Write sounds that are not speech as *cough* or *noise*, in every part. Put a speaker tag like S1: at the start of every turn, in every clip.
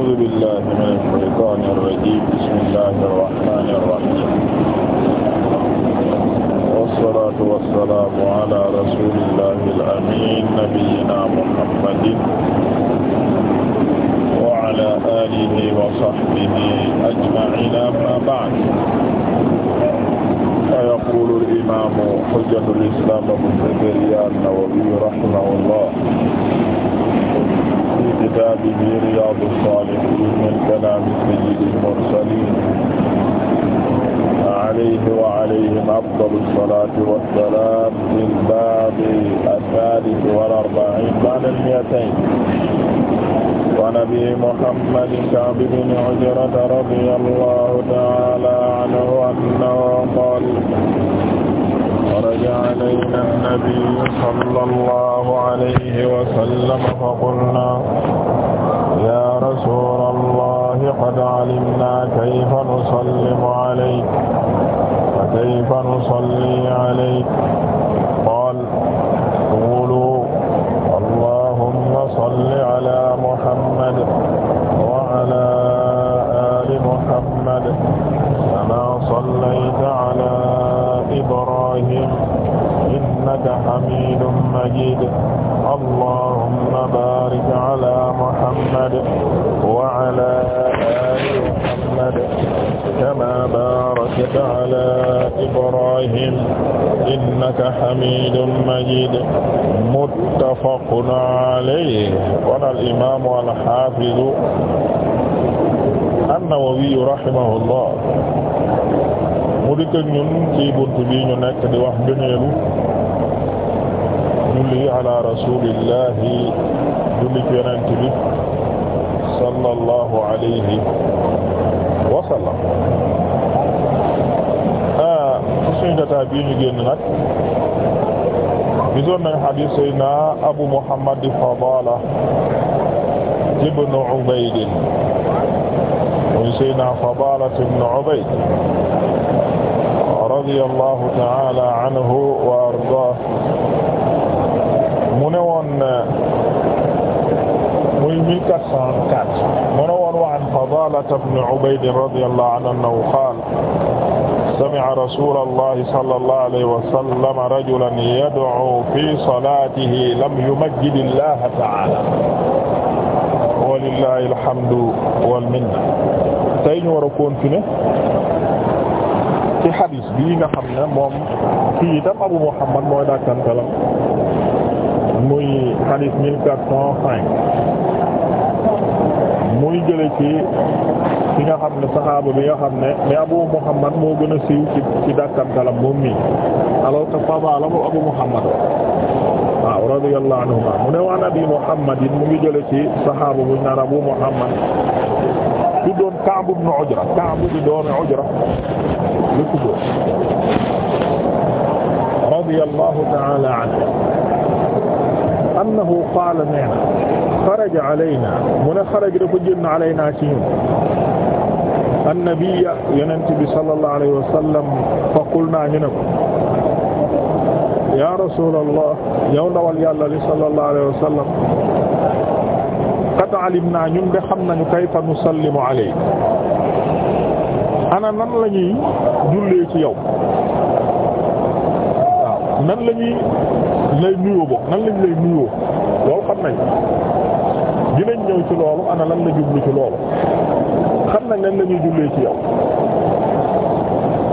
S1: أعوذ بالله من الشيطان الرجيم بسم الله الرحمن الرحيم والصلاة والسلام على رسول الله الأمين نبينا محمد وعلى آله وصحبه أجمعين أما بعد yaqulu al-imam hujjatu al-islam Abu Zakariya an-Nawawi rahimahullah fi kitabihi Riyadu as-Salihin min kalami sayyidi al-mursalin alayhi wa alayhim afdalu as-salati was-salam fil babi ath-thalith wal-arba'in ba'da al-mi'atayn wa nabi Muhammad Ka'b bin Ujrah radiyallahu ta'ala anhu annahu qaala kharaja alayna an-nabiyyu sallallahu alayhi wa sallam fa qulna ya rasulallah qad alimna kayfa nusallimu alayka wa kayfa nusalli alayka قال قولوا اللهم صل على ibrahim innaka hamidun majid muttafaqun alayhi qaala al imaamu al haafidu an-Nawawi rahimahullah mu dikk ak ñun ci bunt bi ñu nekk di wax gëneelu julli ala rasulillahi julli ci yonent bi sallallahu alayhi bii ñu génn nag gisoon nañ hadith Seydina Abu Muhammad Fadala ibn Ubayd muy Seydina Fadala ibn Ubayd radiyallahu ta'ala anhu wa ardaah mu ne woon muy 1404 mu ne woon wa an Fadala ibn Ubayd radiyallahu anhu qaala sami'a rasuulallahi sallallahu alayhi wa sallam rajulan yad'u fi salaatihi lam yumajjidillaha ta'aala walillahi alhamdu wal minna tey ñu war a continuer ci xadis bii nga xam ne moom kii itam Abu Muhammad mooy dàkkantalam muy xadis 1405 muy jële ci ki nga xam ne saxaaba bi nga xam ne mais Abu Muhammad moo gën a siiw ci ci dàkkantalam moom mi alors que papa la mu Abu Muhammad waaw radiyallahu anhuma mu ne waan abi Muhammad mu ngi jële ci saxaaba bu naan Abu Muhammad ku doon Ka'b ibn Ujra Ka'b di doomi lu ku doon radiyallahu ta'ala anhu annahu qaala nee xaraja alaynaa mu ne xaraja dafa génn alaynaa ci ñun annabiya yonent bi sallallahu alayhi wa sallam fa qulnaa ñu ne ko yaa rasuulallah yow ndawal yàlla li sallallahu alayhi wa sallam qad alimnaa ñun de xam nañu kayfa nusallimu alayk ana nan la ñuy jullee ci yow waaw nan la ñuy lay nuyoo bokk nan lañ lay nuyoo loolu xam nañ dinañ ñëw ci loolu ana lan la jublu ci loolu xam nañ lan la ñuy jullee ci yow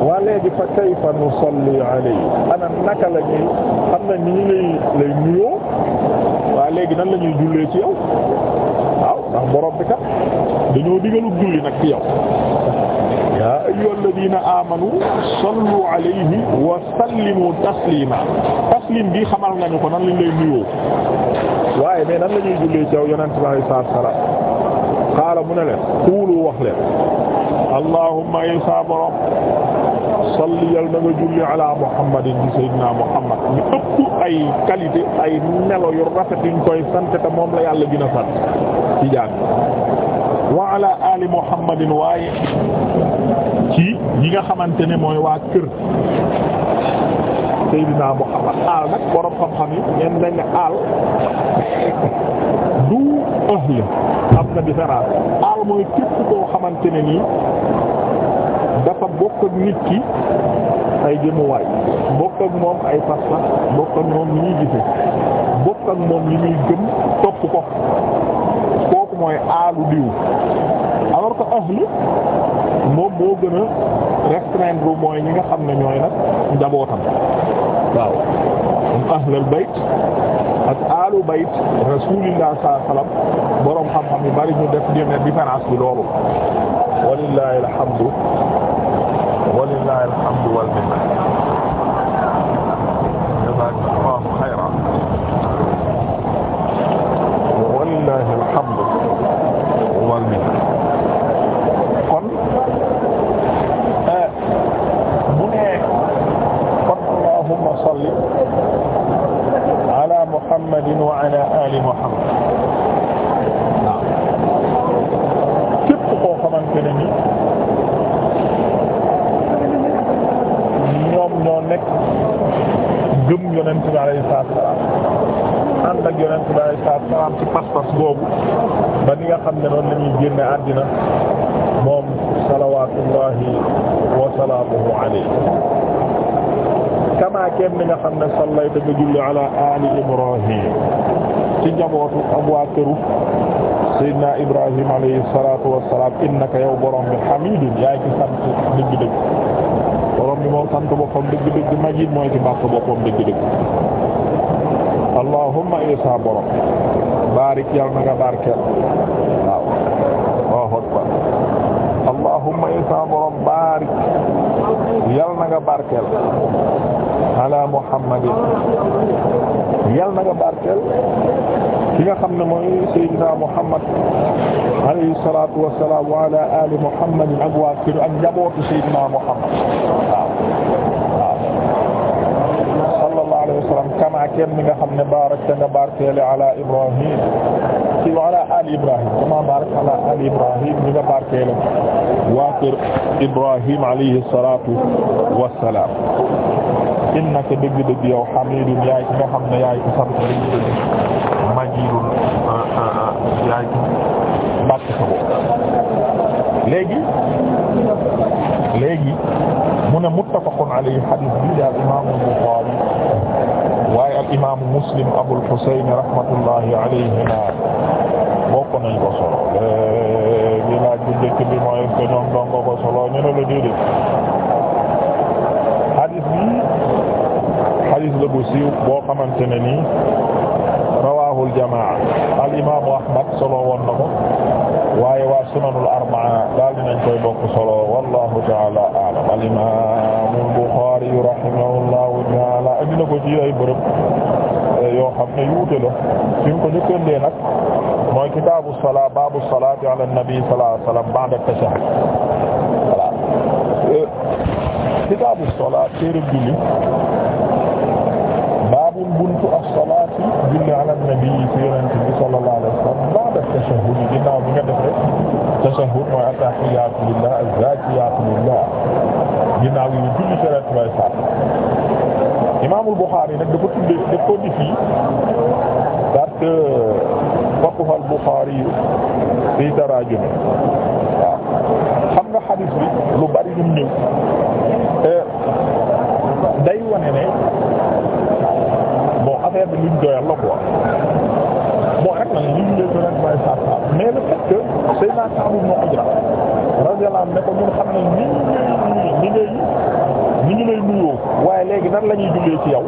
S1: waa léegi fa kayfa nusalli alayhi ana naka la ñuy xam nañ ni ñu lay lay nuyoo waa léegi nan la ñuy jullee ci yow waaw ndax borom bi kat dañoo digalu julli nag ci yow yaa ayyuhal ladina amanu sallu alayhi wa sallimu taslima taslim bi xamal nañu ko nan lañ lay nuyoo waaye mais nan la ñuy jullee jaw yonent bi alayhi salaatu mu ne leen xuulu wax leen allahumma ay sa borom salli yal na nga julli ala muhammadin bi muhammad ñu ëpp ay qualité ay melo yu rafet yuñ koy sant moom la yàlla gën a sant ci wa ala ali muhammadin waaye ci ñi nga xamante ne mooy waa kër Seydina Muhammad aal nag borom xam-xam yi ñenn dañ aal du ahli am na différence aal mooy képp koo xamante ne nii dafa bokk ak nit ki ay jëmuwaay bokk ak moom ay pas bokk ak moom li ñuy gise bokk ak moom li muy gëm topp ko kooku mooy aalu diw alors que ahli moom moo gën a restreindre mooy ñi nga xam ne ñooy nag njabootam waaw um ahlul bayt ak alu bayt rasulillah sallallahu alayhi wasallam boroom xam-xam yu bari ñu def dine différence bi loolu walillahi alhamdu walillahi alhamdu wal rek gëm yonent bi alayhi salaatu salaam ànd ak yonent bi alayhi salaatu salaam ci pas-pas boobu ba ni nga xam ne noonu la ñuy génne àddina moom salawaatullahi wa salaamuhu alayhi kamaa kenn ni nga xam ne sallayta nga julli ala ali ibrahim ci njabootu ak waa këru Seydina Ibrahim alayhi salaatu wa salaam innaka yow borom bi hamidun yaa ngi sant dëgg-dëgg mi moom sant boppam dëgg-dëgg majid mooy ci bàkk boppam dëgg-dëgg allahumma isa borom barik yàlla na nga barkeel waaw Allahu akbar allahumma isa borom barik yàlla na nga barkeel ala muhammadin yàlla na nga barkeel ki nga xam ne mooy Seydina Muhammad alayhi salaatu wa salaam wa ala ali Muhammad ak waa kër ak njabootu Seydina Muhammad wasallam kama kem mi nga xam ne barakta nga barkeele ala ibrahim ci ala ali ibrahim kama barak ala ali ibrahim mi nga barkeele waa kër ibrahim alayhi salatu wasalam innaka dëgg-dëgg yow hamidun yaay ki nga xam ne yaay ko sant majidun ah, ah, ah, yaay ko bàkk sa bopp léegi léegi mu ne muttafaqun alayhi muslim abul husayn rahmatullahi alayhima bokk nañ ko solo bi laaj bu njëkk bi mooy que ñoom dongo ko solo ñu ne la déedéet hadis bi hadis la bu siiw boo xamante ne nii rawaahul jamaa al imaamu ahmad solo woon na ko waaye waa sunanul arbaa daal dinañ koy bokk solo wallahu taala a'lam al imaamu al buxaari rahimahullahu taala indi na ko ci ay bërëb xam ne yuute la suñ ko njëkkandee nag mooy kitaabu salaa baabu salaati ala nabi sallallahu alayhi wa sallam ba'da tashahhud voilà euh, kitaabu salaa téere julli baabu buntu as-salaati julli ala nabi ci yonent bi sallallahu alayhi wa sallam ba'da tashahhud ginnaaw bi nga def rek tashahhud mooy attahiyyaatu lillah az-zaakiyaatu lillah ginnaaw yi julli ci rek mooy faat Imaamul Buxaari nag dafa tuddee daf ko di fii parce que faqhul Buxaari fii taraajum waaw xam nga xadiis bi lu bari lu ñëw day wane ne bon affaire bi luñ doyal la quoi bon rek nag liñ leen doon rek may saaf saaf mais le fait que Seydina Ka'b ibn Ujra radiyallahu anhu ne ko ñun xam nañ léegi nan la ñuy jullee ci yow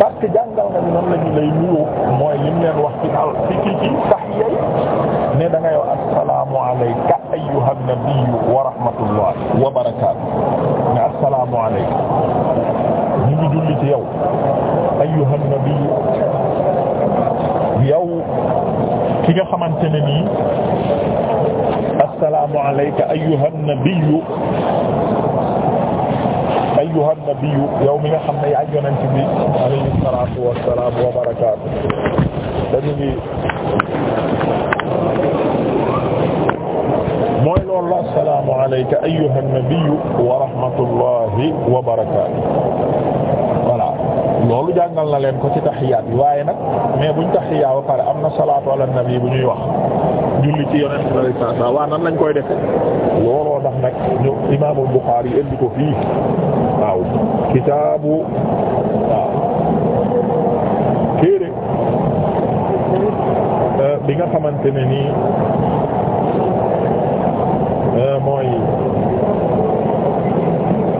S1: parce que jàngal nañu nan la ñu lay nuyoo mooy lim leen wax ci al ci ci ci tahiyya ne da ngay wax assalaamu alayka ayyuhan nabiyyu wa rahmatullah wa barakaatuh ne assalaamu alayka ñu ngi julli ci yow ayyuhan nabiyyu yow ki nga xamante ne nii assalaamu alayka ayyuhan nabiyyu ayyuha nabiyyu yow mi nga xam ne yaay yonent bi alayhi salaatu wa salaam wa barakaatu dañu ngi mooy loolu la assalaamu alayka ayyuha nabiyyu wa rahmatullahi wa barakaatu loolu jàngal na leen ko ci taxiyaat bi waaye nag mais buñ taxiyaa ba pare am na salaatu ala nabi bu ñuy wax julli ci yonent bi alayhi salaatu waaw nan koy defe looloo tax nag ñu imaamul Buxaari ko fii waaw kitaabu waaw euh, bi nga xamante ne nii euh, mooy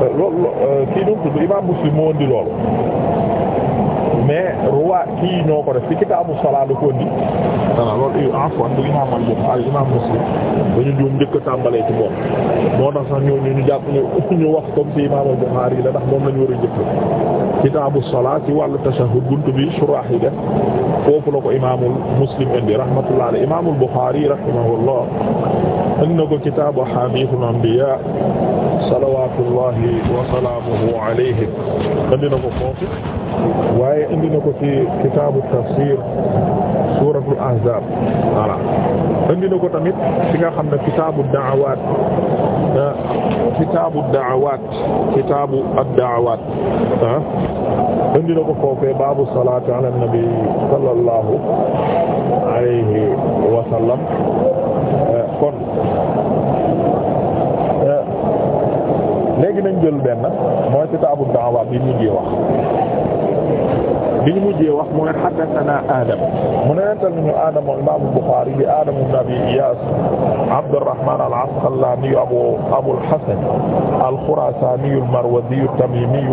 S1: euh, loolu kii nu mu imaam Muslim moo indi loolu kii ñoo ko def ci kitaabu salaa ko indi voilà loolu afwan du imaam al Buxaari imaam Muslim dañu juum njëkk a tàmbalee ci moom moo tax sax ñooñu ñu jàpp ñu *laughs* ñu wax comme si imaam al Buxaari la ndax moom lañu war a jëkk kitaabu salaa ci wàllu tashahhud buntu bi suraax yi def foofu la ko imaamul muslim indi rahmatullah alayhi imaamul buxaari rahimahullah indi na ko kitaabu ahadiisul anbiyaa salawaatullahi wa salaamuhu alayhim indi na ko foofu waaye indi na ko ci kitaabu tafsiir suuratul ahzaab voilà indi na ko tamit ci nga xam ne kitaabu da'awaat kitaabu da'awaat kitaabu ad-da'awaat ah indi na ko foofee baabu salaati ala nabi sallallahu alayhi wa eh, kon eh, léegi nañ jël mooy kitaabu da'awaat yi ñu ngi wax. li ñu mujjee wax mu ne haddathana Adam mu ne nettal nañu Adam imam Bukhari bi Adam ibn Abi Iyas Abdurrahman al-Asqalani abu Abu al-Hasan al-Khurasani al-Marwazi at-Tamimi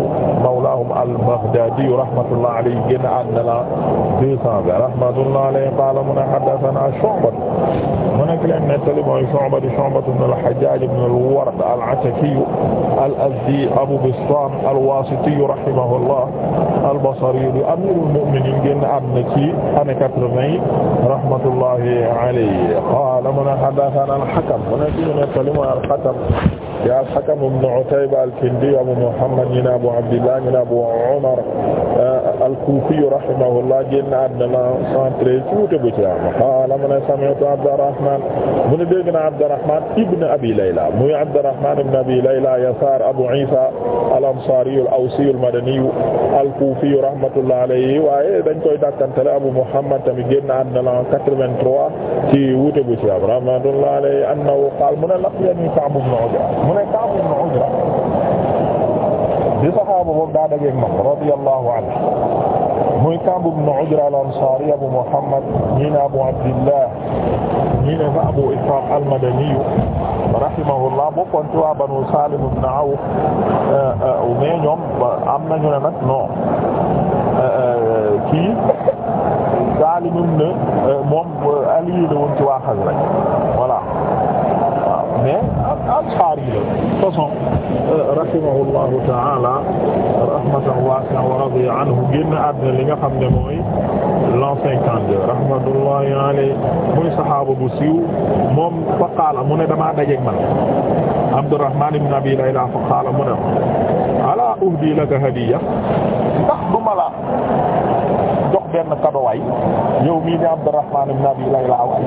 S1: mawlahum al-Baghdadi rahmatullah alayhi génn àddina la 220 rahmatullah alayhi qala mu ne haddathana Shu'ba mu nekk leen nettali mooy Shu'ba di Shu'ba ibn al-Hajjaj ibn al-Ward al-Ataki al-Azdi Abu Bistam al-Wasiti rahimahullah al-Basri di amirul mu'minin génn àddina ci année quatre-vingt rahmatullahi alayhi qaala mu ne haddathana al-Hakam mu nekk leen nettali mooy al-Hakam ya al-Hakam ibn Utayba al-Kindi Abu Muhammad ñi ne Abu Abdillah ñi ne Abu Umar al-Kufi rahimahullah génn àddina la 113 ci wuute bu ci am qaala mu ne sami'tu Abdurrahman mu ne dégg naa Abdurrahman ibn Abi Layla muy Abdurrahman ibn Abi Layla Yasar Abu Isa al-Ansari al-Awsi al-Madani al-Kufi rahmatullah alayhi waaye dañ koy dàkkantale Abu Muhammad tamit génn àddina la 83 ci wuute bu ci am rahmatullah alayhi annahu qaala mu ne laqiyani Ka'b ibn Ujra mu ne Ka'b ibn Ujra bi saxaaba boobu daa dajeeg moom radiyallahu anhu muy Ka'b ibn Ujra al-Ansari Abu Muhammad ñii ne Abu Abdillah ñii ne Abu Ishaq al-Madani rahimahullah bokkoon ci waa Banu Salim ibn Awf euh, euh, mais ñoom am nañu ne nag non euh, kii Salim ibn moom allié la woon ci waa Xasraj allahu taala rahmatan waasi'a wa radiya anhu génn àddina li nga xam ne mooy l'an cinquante-deux rahmatullahi alayhi muy saxaaba bu siiw moom fa qaala mu ne damaa dajeeg man Abdurrahman ibn Abi Layla fa qaala mu ne alaa uhdi laka hadiya ndax du ma la jox benn cadeau waay yow mii di Abdurrahman ibn Abi Layla waay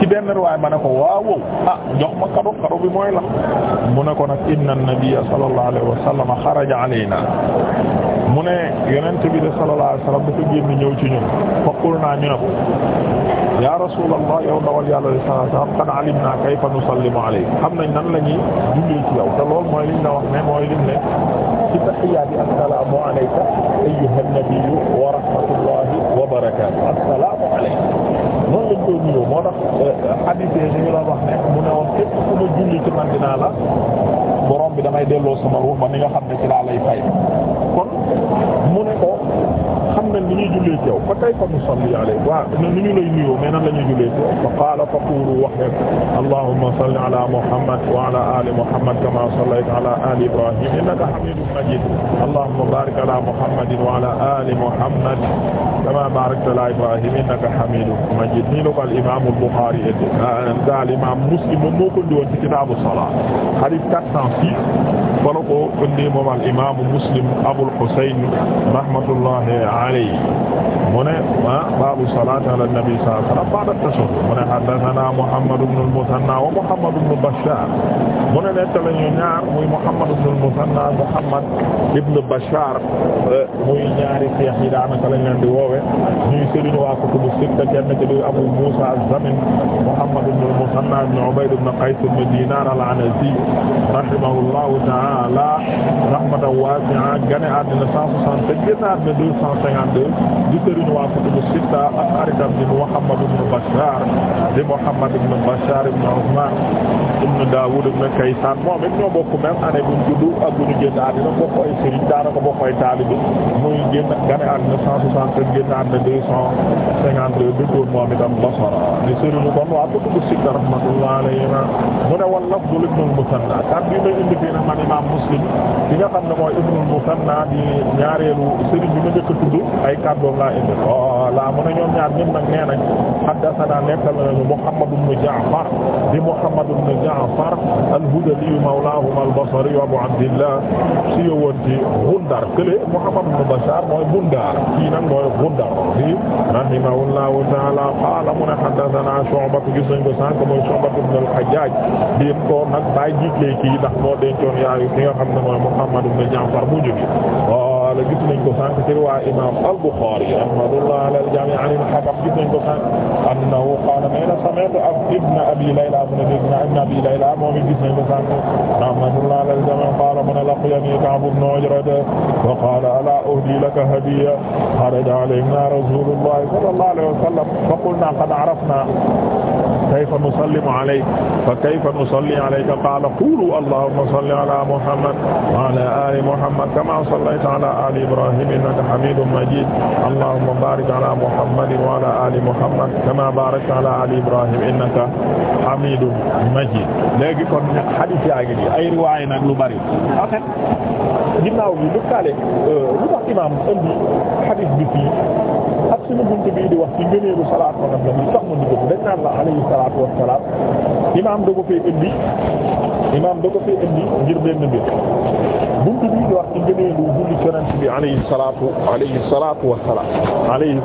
S1: ci benn riwaay ma ne ko waaw ah jox ma kado kado bi mooy la mu ne ko nag inna nabiyya sallallahu alayhi wa sallam xaraja alayna mu ne yonent bi de sallallahu alayhi wa sallam dafa génn ñëw ci ñun fa qulna ñu ne ko ya rasulallah yow dawal yàlla de sallallahu alayhi wa sallam qad alimna kayfa nusallimu alayk xam nañ nan la ñuy jullee ci yow te lool mooy liñ la wax ne mooy liñ ne ci tahiyya bi assalamu alayka ayyuhan nabiyyu wa rahmatullahi wa barakatuh moo tax euh, hadith yi ñu la wax ne mu ne woon képp ku ma julli ci man dinaa la borom bi damay delloo sama ruux ba ni nga xam ne ci laa lay fay kon mu ne ko mel ni ñuy jullee ci yow fa kayfa nusalli alayka waaw ni ñu lay nuyoo mais nan la ñuy jullee ci yow fa qaala fa qulu wax leen allahumma salli ala muhammad wa ala ali muhammad kama sallayta ala ali ibrahim innaka hamidun majid allahumma barik ala muhammadin wa ala ali muhammad kama barakta ala ibrahim innaka hamidun majid nii la ko al imam al bukhari et daal imam muslim moom moo ko ndiwoon ci kitaabu salaat hadith 406 fa la ko indi moom al imam muslim abul husayn rahmatullahi alayhi yi mu ne ah baabu salaati ala nabi sallallahu alayhi wa sallam ba'da tashahhud mu ne haddasanaa Muhammad ibn al-Muthanna wa Muhammad ibn Bashshar mu ne nett lañu ñaar muy Muhammad ibn al-Muthanna Muhammad ibn Bashshar muy ñaari seex yi daanaka lañ leen di woowe ñuy sëriñ waa kutubu sitta kenn ci Abu Muusaa az-Zamin Muhammad ibn Musanna ibn Ubayd ibn Qays ibn Dinar al-Anasi rahimahullahu ta'ala rahmatan wasi'a gane àddina 167 génn àddina 252 di sëriñ waa kutubu sitta ak xaritam di Muhammad ibn Bashar di Muhammad ibn Bashar ibn Uthman ibn Dawud ibn Kaysan moom it ñoo bokk même année bu ñu juddu ak bu ñu génn àddina bokk ay sëriñ daanaka bokk ay taalibe muy génn gane àddina 167 génn àddina 252 dëkkoon moom itam Basra di sëriñu kon waa kutubu sitta rahmatullah alayhima mu ne wal lafdu lil musanna kat bi may indi fii nag man imaam Muslim nga xam ne mooy ibnul musanna di ñaareelu sëriñ bi ma njëkk a tudd ay kàddoom laa indi wala mu ne ñoom ñaar ñun nag nee nañ haddathana nekkal nañu muhammad ibn ja'far di muhammad ibn ja'far al-hudali mawlahum al-basri abu abdillah si yowoon ci bundar kële muhammad ibn bashar mooy bundar kii nag mooy bundar di rahimahullahu ta'ala qala mu ne haddathana shu'bah gis nañ ko sànq mooy shu'bah ibn al-hajjaj di ko nag bàyyi jiitlee kii ndax moo dencoon yaayu ki nga xam ne mooy Ahmad ibn Ja'far mu jóge qala gis nañ ko sànq ci riwaa imam al-Bukhari rahmatullah ala al-jami' an al-Habab gis nañ ko sànq annahu qala mana sami'tu ibn abi layla mu ne dégg naa ibn abi layla moom it gis nañ ko sànq rahmatullah ala al-jami' qala man laqiyani Ka'b ibn Ujrata wa qala ala uhdi laka hadiya kharaja alayna rasulullah sallallahu alayhi wa sallam fa qulna qad arafna kayfa nusallimu alayka fa kayfa nusalli alayka qala qulu allahumma salli ala muhammad wa ala ali muhammad kama sallayta ala ali ibrahim innaka hamidun majid allahumma barik ala muhammadin wa ala ali muhammad kama barakta ala ali ibrahim innaka hamidun majid léegi kon hadith yaa ngi ay riwaay nag lu bari en fait ginnaaw bi lu kaale euh, lu tax imaam indi hadith bi fii ak suñu buntu bii di wax ci ngëneelu salaatu ala nabi sax mu dugg dañ naan la alayhi salaatu wassalaam imaam da fee indi imaam da fee indi ngir benn mbir buntu di wax ci ngëneelu julli yonent bi alayhi salaatu alayhi salaatu wa salaam alayhi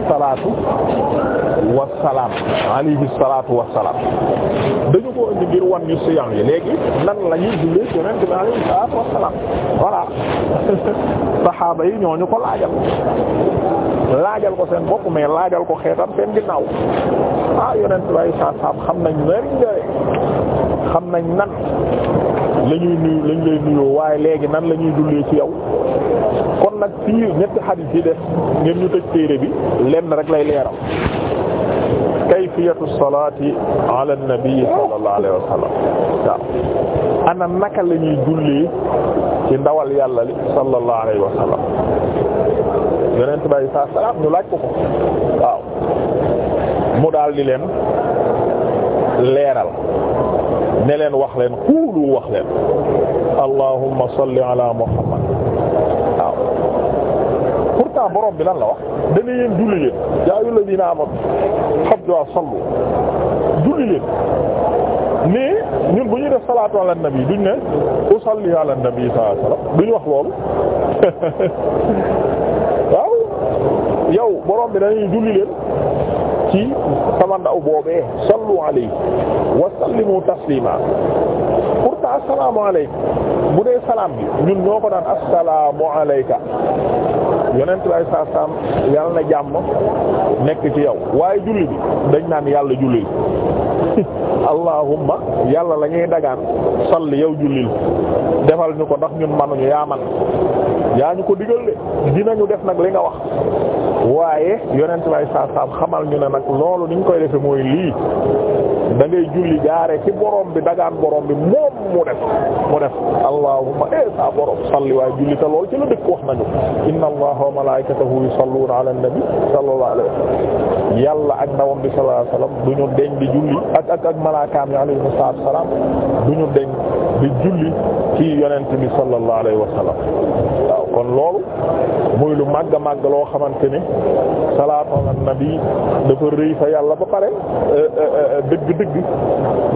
S1: salaatu wa dañu ko indi ngir wan ñu siyam yi léegi nan la jullee yonent bi alayhi salaatu wa *laughs* saxaaba yi ñooñu ko laajal laajal ko seen bopp mais laajal ko xeetam seen ginnaaw ah yonent way saab xam nañ nari ngay xam nañ nan la ñuy nuyu lay nuyoo waaye léegi nan la ñuy jullee ci yow kon nag fii ñetti xadiis yi def ngeen ñu tëj téere bi lenn rek lay leeral kayfiyatu salaati ala an-nabi sallallahu alayhi wa ana naka la ñuy jullee ci ndawal yàlla li sallallahu alayhi yonent bay saab salaam ñu laaj ko ko waaw mu daal di leen leeral ne leen wax leen xuulu wax leen allahumma salli ala muhammad waaw pourtant bi la wax dana yeen julli leen yaa ayyuha alladhina sallu julli leen mais ñun bu ñuy def salaatu ala nabi duñ ne usalli ala nabi sallallahu duñ wax loolu *laughs* waaw yow borom bi dañuy julli leen ci sama ndaw boobee sallu alayhi wa sallimu taslima assalaamu alayka bu dee salaam bi ñun ñoo ko daan assalaamu alayka yonent lay saa yàlla na jàmm nekk ci yow waaye julli bi dañ naan yàlla jullil *laughs* allahumma yàlla lañuy ñuy dagaan salli yow jullil defal ñu ko ndax ñun manuñu yaa man yaa ñu ko digal de dinañu def nag li nga wax waaye yonent lay saa saam xamal ñu ne nag loolu niñ koy defe mooy lii da ngay julli jaare ci borom bi dagaan borom bi moom mu def mu def allahumma e eh sa borom salli waaye julli te lool ci la dëkk wax nañu inna allaha wa malaikatahu yusalluna ala nabi wa sallam yàlla ak ndawam bi sallallahu alayhi wa sallam du ñu deñ di julli ak ak malaakaam yi alayhi salaatu salaam du ñu deñ di julli ci yonent bi sallallahu alayhi wa sallam kon loolu muy lu màgg a màgg loo xamante ni salaatu ala nabi dafa rëy fa yàlla ba pare euh, euh, euh, dëgg-dëgg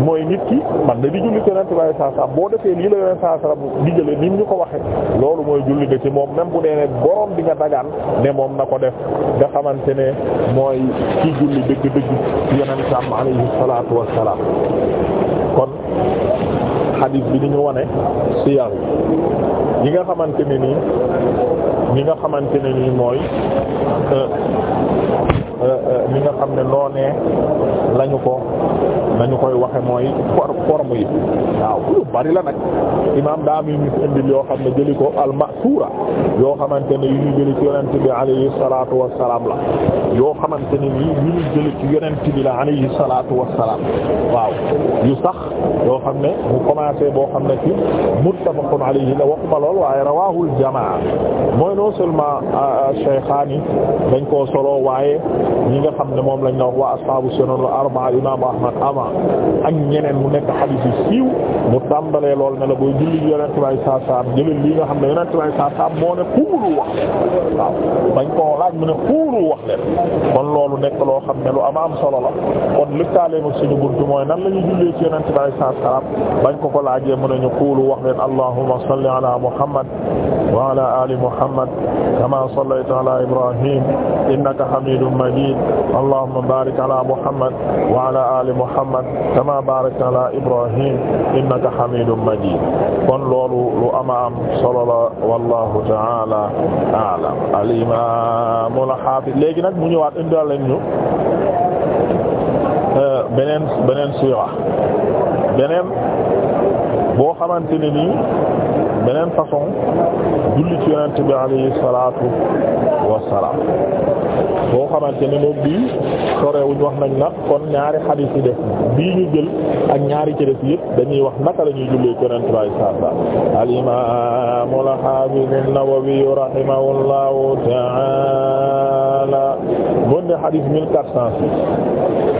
S1: mooy nit ki man da di julli ko yonent bi saa saa boo defee lii la yonent saa saa digale ni ñu ko waxee loolu mooy julli ga ci moom même bu nee boroom bi nga dagaan ne moom na ko def nga xamante ne mooy ci julli dëgg-dëgg yonentam alayhi salaatu wassalaam kon xadiis bi ni ñu wane si yàlla ñi nga xamante ne nii ñi nga xamante ne nii mooy euh, euh, euh, ñi nga xam ne noonee lañu ko lañu koy waxe mooy for forme yi waaw lu bari la nag imaam daa muy mis indil yoo xam ne jëli ko almasuura yoo xamante ne yu ñu jëli ci yonent bi alayhi salaatu wassalaam la yoo xamante ne nii yu ñu jëli ci yonent bi la alayhi salaatu wassalaam waaw yu sax yoo xam ne mu commencé boo xam ne ci muttafaqun alayhi la waxuma lool waaye rawaahul jamaa mooy non seulement Shaykhaani ah, ah, dañ koo solo waaye ñi nga xam ne moom lañ la wax waa ashaabu sunan al-arba'a imaam Ahmad ama ak ñeneen mu nekk xadiis yu siiw mu tàmbalee lool ne la booy julli yonent bi sallallahu alayhi wasallam lii nga xam ne yonent bi sallallahu alayhi wasallam moo ne xuulu wax waaw bañ koo laaj mu ne xuulu wax leen kon loolu nekk loo xam ne lu ama am solo la kon lëkkaaleem ak suñu buntu mooy nan la ñuy jullee ci yonent bi sallallahu alayhi bañ ko ko laajee wax leen allahumma muhammad wa ala ali muhammad kama sallayta ala ibrahim innaka hamidun majid allahumma barik ala muhammad wa ala ali muhammad kama barakta ala ibrahim innaka hamidun majid kon loolu lu ama am solo la wallahu ta'ala a'lam al imam al hafiz léegi nag mu ñëwaat indi leen ñu euh, beneen beneen siira beneen boo xamante ne nii beneen façon julli ci yonent bi alayhi salaatu wassalaam boo xamante ne moom bii sorewuñ wax nañ nag kon ñaari xadiis yi def bii ñu jël ak ñaari ci def yëpp dañuy wax naka la ñuy jullee ci yonent bi alayhi salaatu al imaam al haafiz an-Nawawi rahimahullahu ta'ala bon de xadiis 1406